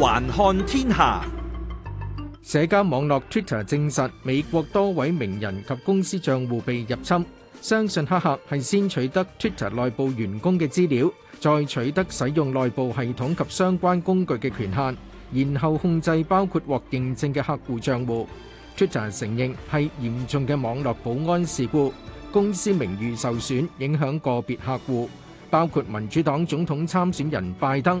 環看天下，社交網絡 Twitter 證實美國多位名人及公司賬戶被入侵。相信黑客係先取得 Twitter 內部員工嘅資料，再取得使用內部系統及相關工具嘅權限，然後控制包括獲認證嘅客戶賬戶。Twitter 承認係嚴重嘅網絡保安事故，公司名譽受損，影響個別客戶，包括民主黨總統參選人拜登。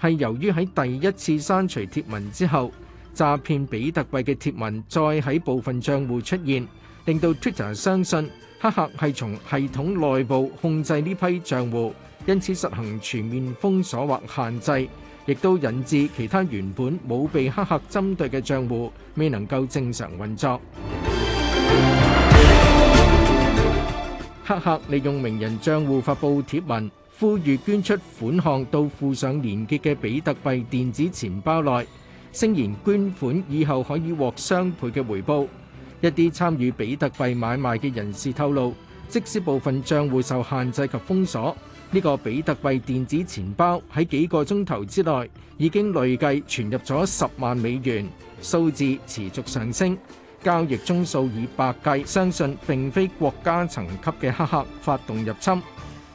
係由於喺第一次刪除貼文之後，詐騙比特幣嘅貼文再喺部分帳戶出現，令到 Twitter 相信黑客係從系統內部控制呢批帳戶，因此實行全面封鎖或限制，亦都引致其他原本冇被黑客針對嘅帳戶未能夠正常運作。黑客利用名人帳戶發佈貼文。呼籲捐出款項到附上連結嘅比特幣電子錢包內，聲言捐款以後可以獲雙倍嘅回報。一啲參與比特幣買賣嘅人士透露，即使部分賬戶受限制及封鎖，呢個比特幣電子錢包喺幾個鐘頭之內已經累計存入咗十萬美元，數字持續上升，交易宗數以百計，相信並非國家層級嘅黑客發動入侵。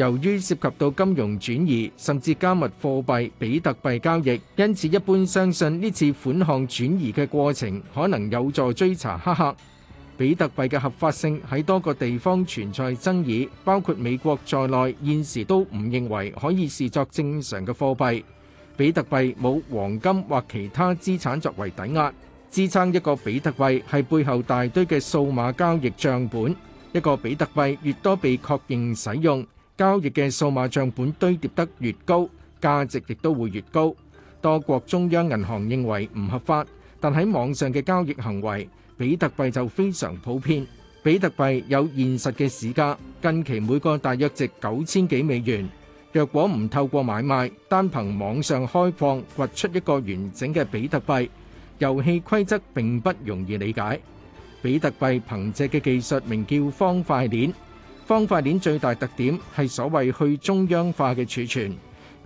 由於涉及到金融轉移，甚至加密貨幣比特幣交易，因此一般相信呢次款項轉移嘅過程可能有助追查黑客。比特幣嘅合法性喺多個地方存在爭議，包括美國在內，現時都唔認為可以視作正常嘅貨幣。比特幣冇黃金或其他資產作為抵押，支撐一個比特幣係背後大堆嘅數碼交易帳本。一個比特幣越多被確認使用。交易嘅數碼帳本堆疊得越高，價值亦都會越高。多國中央銀行認為唔合法，但喺網上嘅交易行為，比特幣就非常普遍。比特幣有現實嘅市價，近期每個大約值九千幾美元。若果唔透過買賣，單憑網上開礦掘出一個完整嘅比特幣，遊戲規則並不容易理解。比特幣憑藉嘅技術名叫方塊鏈。方塊鏈最大特點係所謂去中央化嘅儲存，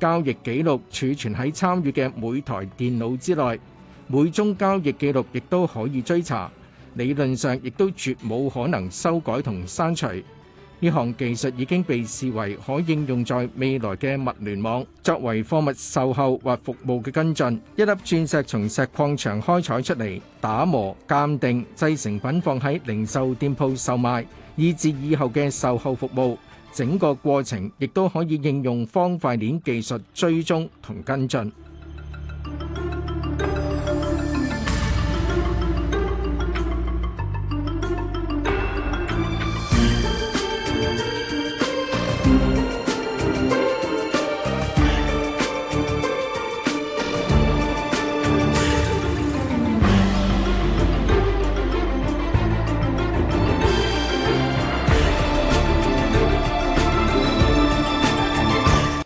交易記錄儲存喺參與嘅每台電腦之內，每宗交易記錄亦都可以追查，理論上亦都絕冇可能修改同刪除。呢項技術已經被視為可應用在未來嘅物聯網，作為貨物售後或服務嘅跟進。一粒鑽石從石礦場開採出嚟，打磨、鑑定、製成品放喺零售店鋪售賣，以至以後嘅售後服務，整個過程亦都可以應用方塊鏈技術追蹤同跟進。